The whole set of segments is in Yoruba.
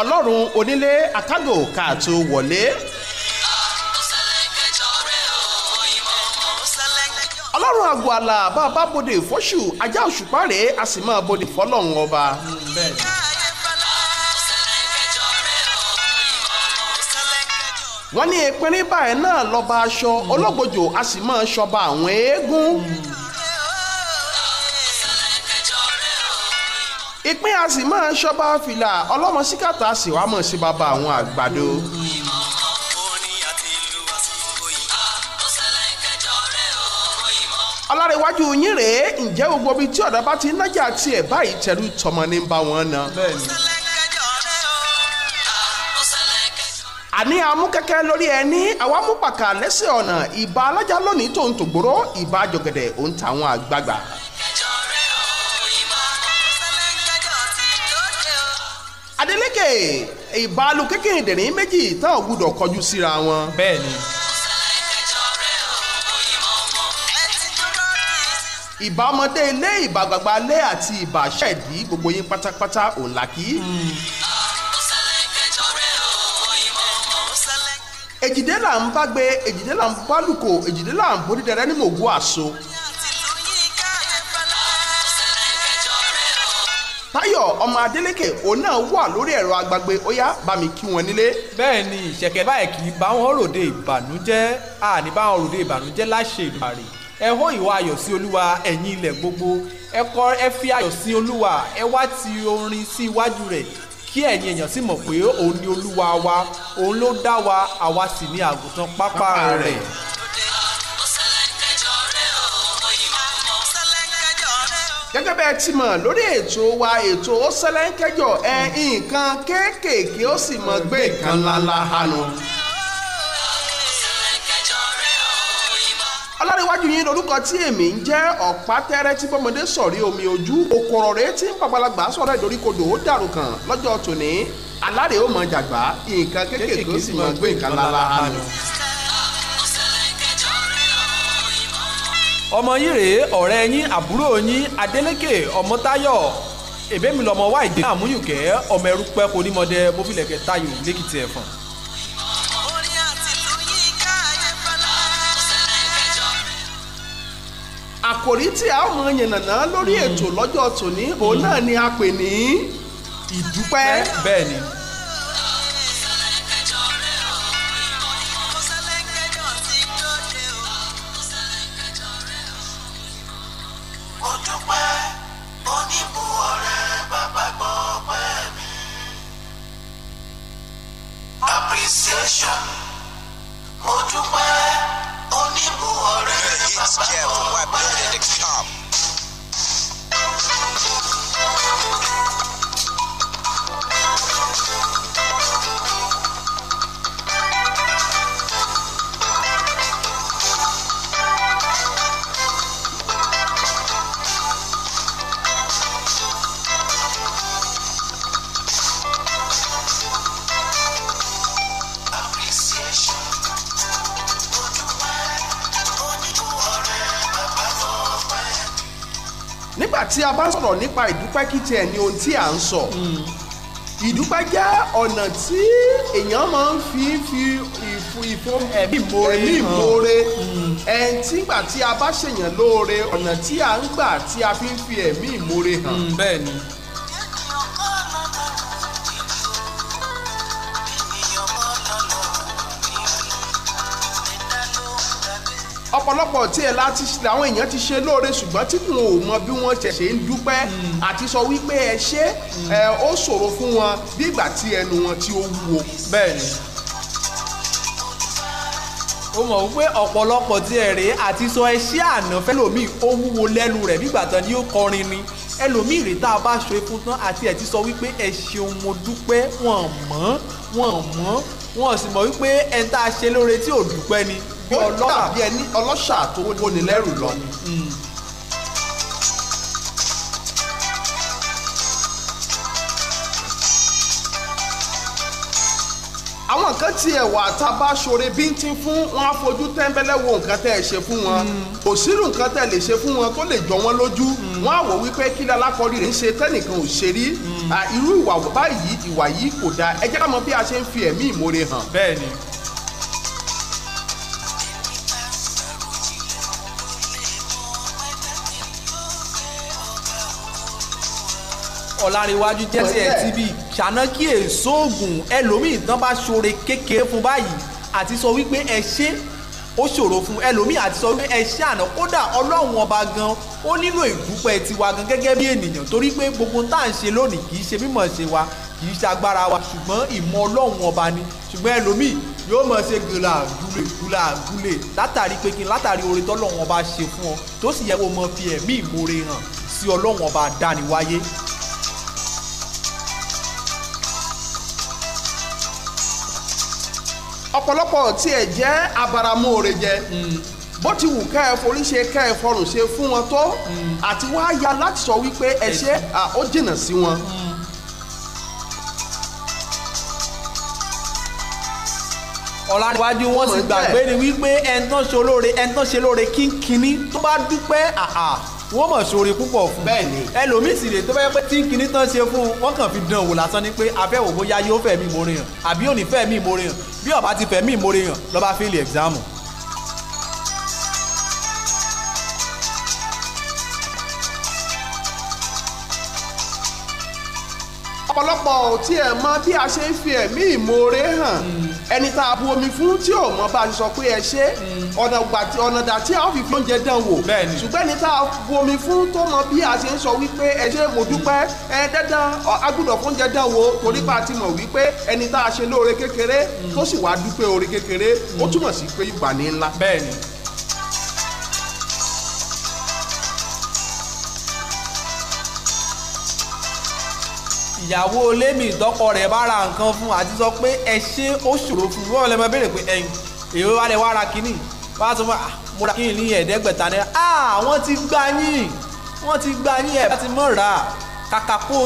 ọlọ́run onílé akágò káàtó wọlé. ọlọ́run àgọ́ àlà bá a bá bòde fọ́ṣù ajá òṣùpá rèé a sì máa bòde fọ́lọ́run ọba. wọ́n ní ìpínlẹ̀ báyìí náà lọ́ba aṣọ ológbòjò a sì máa ṣọba àwọn eégún. ìpín a sì máa ṣọ́ba fìlà ọlọ́mọ síkàtà a sì wá mọ̀ sí bàbá àwọn àgbàdo. ọlárẹ̀wájú yín rèé ǹjẹ́ gbogbo ibi tí ọ̀dà bá ti nájà tiẹ̀ báyìí tẹ̀lú tọmọ ní bá wọn ná. àní amúkẹ́kẹ́ lórí ẹni àwa mú pàkà lẹ́sẹ̀ ọ̀nà ìbà alájà lónìí tó ń tògbòrò ìbà àjọgẹ̀dẹ̀ òun tàwọn àgbààgbà. Adeleke ìbálò kékèèdèrè méjì tán ò gbúdọ̀ kọjú síra wọn. bẹ́ẹ̀ni. ìbá ọmọdé ilé ìbá gbàgbà ilé àti ìbá ṣẹ̀dí gbogbo yín pátápátá òun làkì. èjìdé là ń bá gbé èjìdé là ń bálùkò èjìdé là ń bódìdẹrẹ ní mògùn àṣọ. táyọ̀ ọmọ adélékè òun náà wà lórí ẹ̀rọ agbagbe ó yá bá kí wọn nílé. bẹ́ẹ̀ ni ìṣẹ̀kẹ̀ báyìí kì í bá wọn ròde ìbànújẹ́ àní bá wọn ròde ìbànújẹ́ láṣẹ ìdùnnàrè ẹ hó ìwà ayọ̀ sí olúwa ẹ̀yin ilẹ̀ gbogbo ẹ kọ ẹ fi ayọ̀ sí olúwa ẹ wá ti orin sí iwájú rẹ̀ kí ẹ̀yin èèyàn sì mọ̀ pé òun ni olúwa wa òun ló dá wa àwa sì ni àgùntàn pápá rẹ̀. gẹ́gẹ́ bẹ́ẹ̀ ti mọ̀ lórí ètò wa ètò ó sẹ́lẹ̀ńkẹ́jọ ẹ nǹkan kéékèèké ó sì mọ gbé nǹkan ńláńlá hanu. ọlọ́rinwájú yín lorúkọ tí èmi ń jẹ́ ọ̀pá tẹ́rẹ́ tí bọ́mọdé sọ̀rí omi ojú òkòrò rẹ̀ tí ń pàgbàlagbà sọ̀rọ̀ ìdoríkodò ó dàrú kan lọ́jọ́ tòní alárè ó mọ jàgbá nǹkan kéékèèké ó sì mọ gbé nǹkan ńláńlá hanu. ọmọ yìí rèé ọ̀rẹ́ yín àbúrò yín Adélékè Ọmọ́táyọ̀ èbémi lọmọ wá ìdè náà múyùkẹ́ ọmọ ẹrú pẹ́ kò ní mọdẹ mọ́fìlẹ̀kẹ́ Táyọ̀ lẹ́kìtì ẹ̀fọ̀n. àkòrí tí a mọ yànnàná lórí ètò lọ́jọ́ tòní òun náà ni a pè ní ìdúpẹ́. bẹ́ẹ̀ ni. nígbà tí a bá sọ̀rọ̀ nípa ìdúpẹ́ kí tiẹ̀ ni ohun tí à ń sọ ìdúpẹ́ jẹ́ ọ̀nà tí èèyàn máa ń fi fi ìfún ẹ̀mí ìmoore tí gbà tí a bá ṣèyàn lóore ọ̀nà tí à ń gbà tí a fi ń fi ẹ̀mí ìmoore hàn. Mm, bẹ́ẹ̀ ni ọ̀pọ̀lọpọ̀ tiẹ̀ láti làwọn èèyàn ti ṣe lóore ṣùgbọ́n tí wọn ò mọ bí wọ́n ṣe ṣe ń dúpẹ́ àti sọ wípé ẹ ṣe ẹ ó ṣòro fún wọn bí tí ẹnu wọn tí ó wúwo. bẹ́ẹ̀ni o mọ̀ wípé ọ̀pọ̀lọpọ̀ tí ẹ rèé àti sọ ẹ ṣé àná fẹ́lòmíì ó wúwo lẹ́nu rẹ̀ bí tán ni ó kọrin ni ẹlòmíì rèé tá bá ṣe fún tán àti ẹ̀ ti sọ wípé ẹ ṣeun mo dúpẹ́ wọ́n mọ̀ wọ́n mọ̀ wọ́n sì mọ̀ wípé ẹ̀ ń tá a ṣe lóore tí ò dúpẹ́ ni ó dàbí ẹni ọlọ́ṣà tó wóni lẹ́rù lọ ni. àwọn kan ti ẹ̀wà àtàbà ṣoore bíntín fún wọn á fojú tẹ́ńbẹ́lẹ́ wo nǹkan tẹ́ ẹ ṣe fún wọn kò sírù nǹkan tẹ́ ẹ lè ṣe fún wọn tó lè jọ wọn lójú wọn á wò wípé kí lálákọ̀ọ́rí rẹ̀ ń ṣe tẹ́nìkan ò ṣe rí irú ìwà báyìí ìwà yìí kò dáa ẹ jẹ́ ká mọ̀ bí a ṣe ń fi ẹ̀mí ìmoore hàn. bẹ́ẹ̀ ọ̀làríwájú jẹ́ ti ẹ̀ ti bí ṣáná kí èso oògùn ẹlòmíì tán bá ṣoore kékeré fún báyìí àti sọ wípé ẹ ṣe ó ṣòro fún ẹlòmíì àti sọ wípé ẹ ṣe àná kódà ọlọ́run ọba gan ó nílò ìdúpẹ́ tiwa gan gẹ́gẹ́ bí ènìyàn torí pé gbogbo tá à ń ṣe lónìí kì í ṣe mímọ̀ ṣe wa kì í ṣe agbára wa ṣùgbọ́n ìmọ̀ ọlọ́run ọba ni ṣùgbọ́n ẹlòmíì yóò mọ̀ ṣe gùlà gùlè gùlà gùlè látàrí pé látàrí oore tọ́lọ́run ọba ṣe fún ọ tó sì yẹ kó mọ fi ẹ̀mí ìmoore hàn sí ọlọ́run ọba dániwáyé ọ̀pọ̀lọpọ̀ tiẹ̀ jẹ́ abaramoore jẹ mm. bó ti wù ká ẹ forí ṣe ká ẹ fọrùn ṣe fún wọn tó mm. àti wá ya láti sọ wípé ẹ ṣe ó jìnnà sí wọn. Mm. ọ̀làdíwájú wọn sì gbàgbé ni wípé ẹni tán ṣe olóore ẹni tán ṣe lóore kínkínní tó bá dúpẹ́ àhà wọ́n mọ̀ sórí púpọ̀ fún un. bẹ́ẹ̀ni. ẹlòmíì sì rè tó bá yẹ pé tí tán ṣe fún un wọ́n kàn fi dán wò lásán ni pé afẹ́wò bóyá yóò fẹ́ mi mo rìn hàn àbí òní fẹ́ mi mo bí ọba ti fẹ̀mí ìmoore yàn lọ́ba fẹ́ẹ̀lì ẹ̀gzámù ọ̀pọ̀lọpọ̀ ò tiẹ̀ mọ bí a ṣe ń fi ẹ̀mí ìmoore hàn ẹni tá a bu omi fún tí ò mọ bá a ṣe sọ pé ẹ ṣe ọ̀nà dà tí a fi fi oúnjẹ dán wò ṣùgbọ́n ẹni tá a bu omi fún tó mọ bí a ṣe ń sọ wípé ẹ ṣe mo dúpẹ́ ẹ dandan agbọ́dọ̀ fún oúnjẹ dán wò torí pa ti mọ̀ wípé ẹni tá a ṣe lóore kékeré tó sì wá dúpẹ́ oore kékeré ó túmọ̀ sí pé ìgbà ní ńlá. ìyàwó lémi ìdọ́kọ rẹ̀ bá ra nǹkan fún àti sọ pé ẹ ṣé ó ṣòro fún un wọ́n lè máa béèrè pé ẹ̀yìn èrò wa lè wá ra kínní wá sọ fún ah mo ra kínní ní ẹ̀ẹ́dẹ́gbẹ̀ta náírà ah wọ́n ti gbà yín wọ́n ti gbà yín ẹ̀ bá ti mọ̀ rà á kàkà kó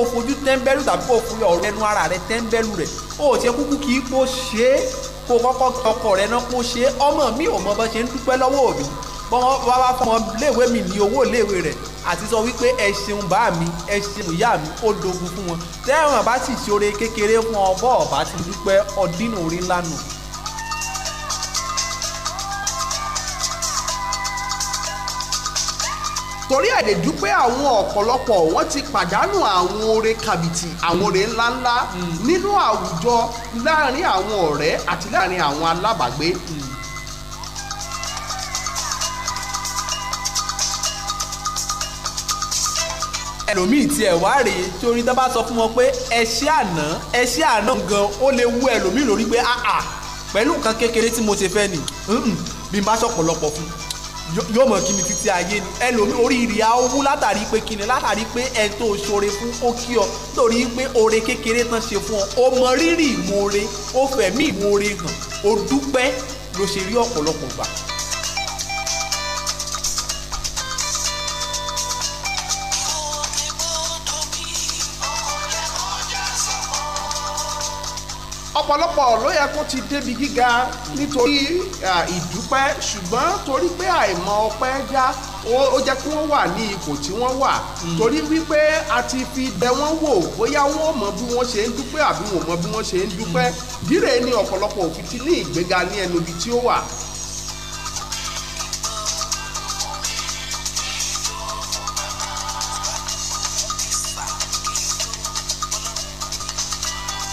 o fojú tẹ́ńbẹ́lú tàbí kó o fojú ọ̀rọ̀ ẹnu ara rẹ tẹ́ńbẹ́lú rẹ̀ o ò tiẹ̀ kúkú kí kó ṣe é kó o kọ́kọ́ ọkọ rẹ náà kó ṣe é ọmọ mi ò mọ bá ṣe ń dúpẹ́ lọ́wọ́ òbí bọ́n bá bá fọmọ léèwé mi ní owó léèwé rẹ̀ àti sọ wípé ẹ ṣeun bá mi ẹ ṣeun ìyá mi ó dogun fún wọn tẹ́wọ̀n bá sì ṣoore kékeré fún ọbọ̀ ọ̀bá ti dúpẹ́ ọdínú orí ńlá nù. torí ẹ̀dẹ̀ dúpẹ́ àwọn ọ̀pọ̀lọpọ̀ wọ́n ti pàdánù àwọn oore kàbìtì àwọn oore ńláńlá mm. nínú àwùjọ láàrin àwọn ọ̀rẹ́ àti láàrin àwọn alábàgbé. Mm ẹlòmíì tí ẹ wá rèé torí tó bá sọ fún wọn pé ẹṣẹ àná ẹṣẹ àná gan ó lè wú ẹlòmíì lórí pé àà pẹ̀lú nǹkan kékeré tí mo ṣe fẹ́ ni bí n bá ṣọ̀pọ̀lọpọ̀ fún yóò mọ̀ kí ni títí ayé ni ẹlòmíì oríire á wú látàrí pé kí ni látàrí pé ẹ tó ṣoore fún ó kí ọ nítorí pé oore kékeré tán ṣe fún ọ ó mọ rírì ìmoore ó fẹ̀mí ìmoore hàn ó dúpẹ́ ló ṣe rí ọ̀pọ̀lọpọ̀ gbà. ọ̀pọ̀lọpọ̀ ló yẹ kó ti débi gíga nítorí ìdúpẹ́ ṣùgbọ́n torí pé àìmọ̀ ọpẹ́ já ó jẹ́ kí wọ́n wà ní ipò tí wọ́n wà hmm. torí wípé a ti fi dẹ wọ́n wò bóyá wọ́n mọ bí wọ́n ṣe ń dúpẹ́ àbí wọ́n mọ bí wọ́n ṣe ń dúpẹ́ díre ni ọ̀pọ̀lọpọ̀ òfin ti ní ìgbéga ní ẹnu ibi tí ó wà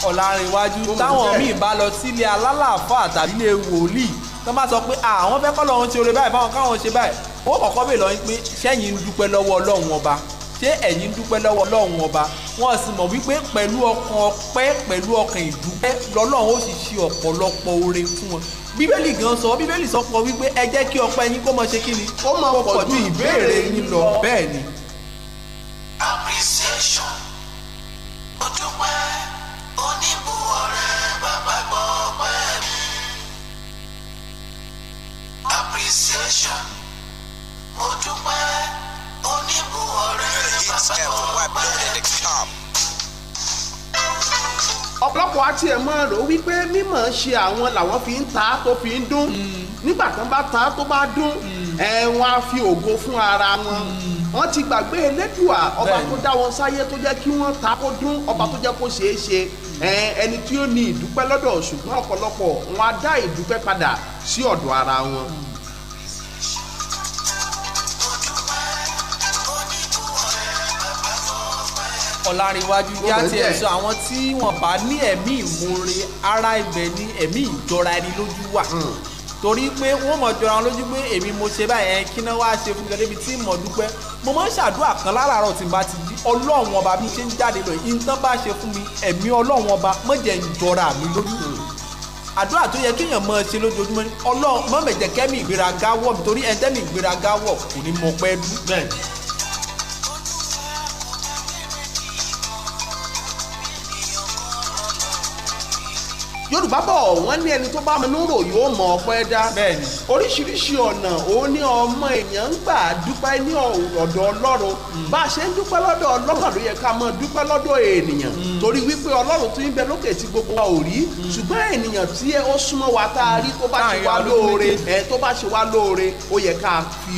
ọ̀làrìnwájú táwọn míì bá lọ sílé alálàáfà tàbí ilé wòlíì tó bá sọ pé àwọn fẹ́ kọ́ lọ́run ti oore báyìí báwọn káwọn ṣe báyìí ó kọ́kọ́ bèèrè lọ́yìn pé ṣẹ́yìn ń dúpẹ́ lọ́wọ́ ọlọ́run ọba ṣé ẹ̀yin ń dúpẹ́ lọ́wọ́ ọlọ́run ọba wọ́n sì mọ̀ wípé pẹ̀lú ọkàn ọpẹ́ pẹ̀lú ọkàn ìdúpẹ́ lọ́lọ́run ó sì ṣe ọ̀pọ̀lọpọ̀ oore fún wọn bíbélì gan sọ bíbélì sọ pọ̀ wípé ẹ jẹ́ kí ọpẹ́ yín kó mọ ṣe kí ni ó mọ pọ̀ ju ìbéèrè yín lọ bẹ́ẹ̀ ni. appreciation appreciation mo dúpẹ́ oníbu ọ̀rẹ́ bàbá ọ̀pẹ́. ọ̀pọ̀lọpọ̀ àti ẹ̀ máa rò wípé mímọ̀ ṣe àwọn làwọn fi ń ta tó fi ń dún hmm. nígbà tán bá ta tó bá dún hmm. ẹ̀wọ̀n á fi ògo fún ara wọn hmm. wọ́n ti gbàgbé elédùà ọba tó dá wọn sáyé tó jẹ́ kí wọ́n ta kó dún ọba tó jẹ́ kó ṣeé ṣe ẹni tí ó ní ìdúpẹ́ lọ́dọ̀ ṣùgbọ́n ọ̀pọ̀lọpọ̀ wọn á dá ìdúpẹ́ padà sí ọ̀dọ̀ ara wọn. Mm. ọ̀làrìnwájú yá tiẹ̀ sọ àwọn tí wọ́n bá ní ẹ̀mí ìmoore ara ibẹ̀ ní ẹ̀mí ìjọra ẹni lójú wà hmm. torí pé wọ́n mọ̀ jọra wọn lójú pé èmi mo ṣe báyẹn kí náà wá ṣe fún mi débi tí mo dúpẹ́ mo máa ń ṣàdúrà kan láràárọ̀ tí n bá ti di ọlọ́run ọba mi ṣe ń jáde lọ yìí tán bá ṣe fún mi ẹ̀mí ọlọ́run ọba má jẹ́ ń jọra mi lójú hmm. àdúrà tó yẹ kéèyàn máa ṣe lójoojúmọ́ ni ọlọ́run má mẹ̀jẹ̀ kẹ́mi ìgbéraga wọ̀ mi torí ẹ̀ńtẹ́mi ìgbéraga wọ̀ kò ní mọ̀ pẹ́ dú. yorùbá bọ̀ wọ́n ní ẹni tó bá mi núrò yóò mọ ọpẹ́ dá oríṣiríṣi ọ̀nà òun ní ọmọ èèyàn ń gbà dúpẹ́ ní ọ̀dọ̀ ọlọ́run hmm. bá a ṣe ń dúpẹ́ lọ́dọ̀ ọlọ́run ló yẹ ká mọ dúpẹ́ lọ́dọ̀ ènìyàn hmm. torí wípé ọlọ́run tó ń bẹ lókè tí gbogbo wa ò rí hmm. ṣùgbọ́n ènìyàn tí ó súnmọ́ wa tá a rí tó bá ṣe wá lóore ẹ̀ tó bá ṣe wá lóore ó yẹ ká fi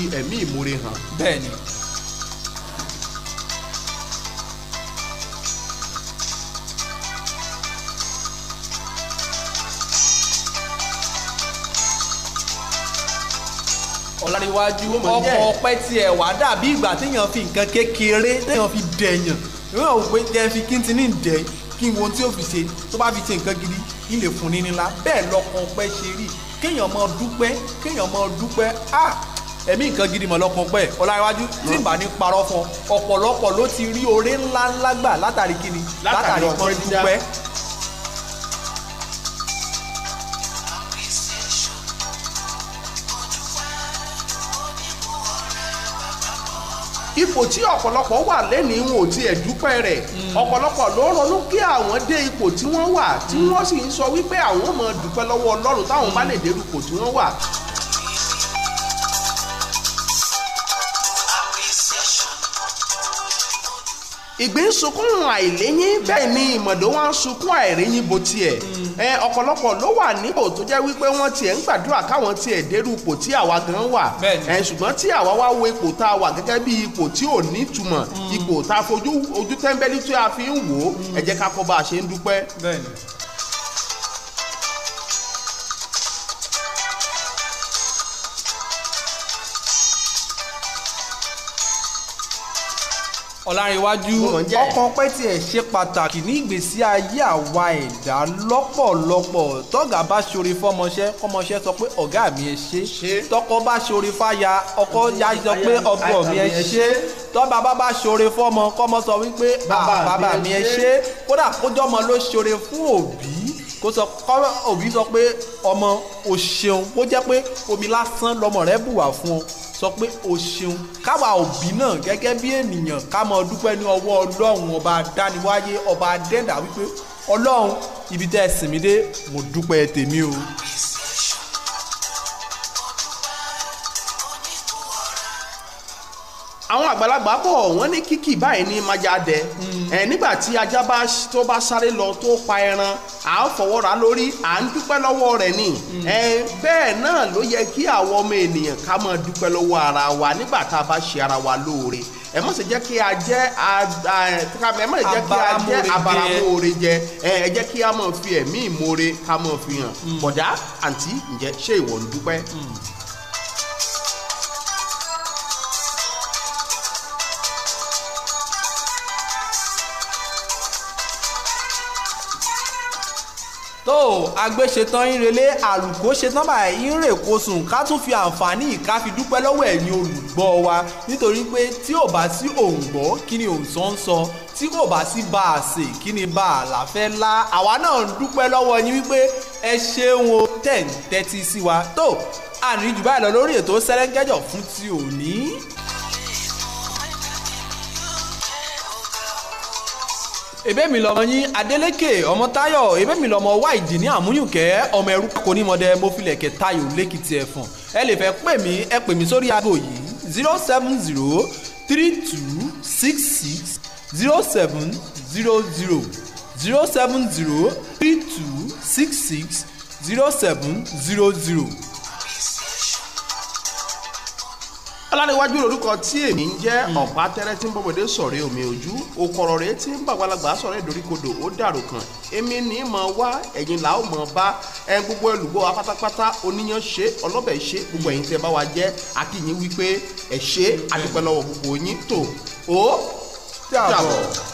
ọ̀làníwájú ọkọ̀ ọpẹ́ tiẹ̀ wá dàbí ìgbà téèyàn fi nǹkan kékeré téèyàn fi dẹ̀yàn ìwé òwe jẹ́ fi kí n ti ní dẹ̀ kí n wo tí ó fi ṣe tó bá fi ṣe nǹkan gidi ilé fún ni ńlá bẹ́ẹ̀ lọ́kàn ọpẹ́ ṣe rí kéèyàn mọ dúpẹ́ kéèyàn mọ dúpẹ́ á ẹ̀mí nǹkan gidi mọ̀ lọ́kàn ọpẹ́ ọ̀làníwájú tí ìbá ní parọ́ fún ọ̀pọ̀lọpọ̀ ló ti rí oore ńláńlá ipò tí ọ̀pọ̀lọpọ̀ wà lẹ́ni wọn ò tiẹ̀ dúpẹ́ rẹ̀ hmm. ọ̀pọ̀lọpọ̀ ló ronú kí àwọn dé ipò tí wọ́n wà tí hmm. wọ́n sì ń sọ wípé àwọn máa dúpẹ́ lọ́wọ́ Ọlọ́run táwọn bá lè dérú ipò tí wọ́n wà ìgbín sunkún àìléyìn bẹ́ẹ̀ ni ìmọ̀dó wọn ń sunkún àìréyìn bó tiẹ̀ ẹ ọ̀pọ̀lọpọ̀ ló wà nípò tó jẹ́ wípé wọ́n tiẹ̀ ń gbàdúrà káwọn tiẹ̀ dérú ipò tí àwa gan wà ẹ ṣùgbọ́n tí àwa wá wo ipò tá a wà gẹ́gẹ́ bí ipò tí ò ní ìtumọ̀ mm. ipò tá a fojú ojú tẹ́ńbẹ́lí tí a fi ń wò ẹ jẹ́ ká kọ́ bá a ṣe ń dúpẹ́. bẹ́ẹ̀ ọ̀làǹrẹ̀wájú ọkàn pẹ́ tiẹ̀ ṣe pàtàkì ní ìgbésí ayé àwa ẹ̀dá lọ́pọ̀lọpọ̀ tọ́gà bá ṣoore fọmọṣẹ́ kọmọṣẹ́ sọ pé ọ̀gá mi ẹ ṣe tọkọ bá ṣoore fáya ọkọ ya sọ pé ọkọ mi ẹ ṣe tọ́ba bá bá ṣoore fọmọ kọmọ sọ wípé bàbá mi ẹ ṣe kódà kójọ́mọ ló ṣoore fún òbí kó sọ kọ́ òbí sọ pé ọmọ o ṣeun kó jẹ́ pé omi lásán lọmọ rẹ bùwà fún ọ sọ pé o ṣeun káwa òbí náà gẹ́gẹ́ bí ènìyàn ká mọ dúpẹ́ ní ọwọ́ ọlọ́run ọba dániwáyé ọba adẹ́dà wípé ọlọ́run ibi tẹ́ ẹ sìn mí dé mo dúpẹ́ tèmi o. àwọn àgbàlagbà bọ̀ wọ́n ní kíkì báyìí ní májàdẹ hmm. ẹ̀ nígbà tí ajá bá tó bá sáré lọ tó pa ẹran à ń fọwọ́ ra lórí à ń dúpẹ́ lọ́wọ́ rẹ̀ ni hmm. ẹ̀ bẹ́ẹ̀ náà ló yẹ kí àwọn ọmọ ènìyàn ká máa dúpẹ́ lọ́wọ́ ara wa nígbà tá a bá ṣe ara wa lóore ẹ má ṣe jẹ́ kí a jẹ́ ẹ má ṣe jẹ́ kí a jẹ́ abaramoore jẹ ẹ jẹ́ kí a máa fi ẹ̀mí ìmoore ká máa fi hàn hmm. bọ̀dá àǹtí ǹjẹ́ ṣé ìwọ ń dúpẹ́. àgbẹ̀ ṣetán ìrẹ̀lẹ̀ àlùkò ṣetán báyìí ìrèkò sùn ká tún fi àǹfààní ìka fi dúpẹ́ lọ́wọ́ ẹ̀yin olùgbọ́ wa nítorí pé tí ò bá sí òun gbọ́ kí ni òun sọ ń sọ tí kò bá sí bá a ṣe kí ni bá a là fẹ́ lá àwa náà ń dúpẹ́ lọ́wọ́ yín wípé ẹ ṣeun o tẹ̀ ń tẹ́tí sí wa tó àníjù báyìí lọ lórí ètò Sẹ́lẹ̀ńgẹ́jọ̀ fún ti òní. èbẹ́mi lọ́mọ yín adélékè ọmọ táyọ̀ èbẹ́mi lọ́mọ wáìdì ní àmúyùnkẹ́ ọmọ ẹrú kò ní mọ̀dẹ́ mo filẹ̀ kẹ́ táyọ̀ ẹ lè fẹ́ pè mí ẹ pè mí sórí aago yìí zero seven zero three two six six zero seven zero zero zero seven zero three two six six zero seven zero zero. ọlárẹ̀wájú lórúkọ tí èmi ń jẹ́ ọ̀pá tẹ́rẹ́ tí ń bọ̀bọ̀dé sọ̀rẹ́ omi ojú òkọ̀rọ̀ rẹ̀ tí ń bàgbàlagbà sọ̀rẹ́ ìdoríkodò ó dàrú kan èmi ní mọ̀ wá ẹ̀yin là ó mọ̀ bá ẹ gbogbo ẹlùbọ́ apátápátá oníyan ṣe ọlọ́bẹ̀ ṣe gbogbo ẹ̀yin tẹ́ bá wa jẹ́ akínyìn wípé ẹ ṣé a lọ́wọ́ gbogbo yín tó o dàbọ̀.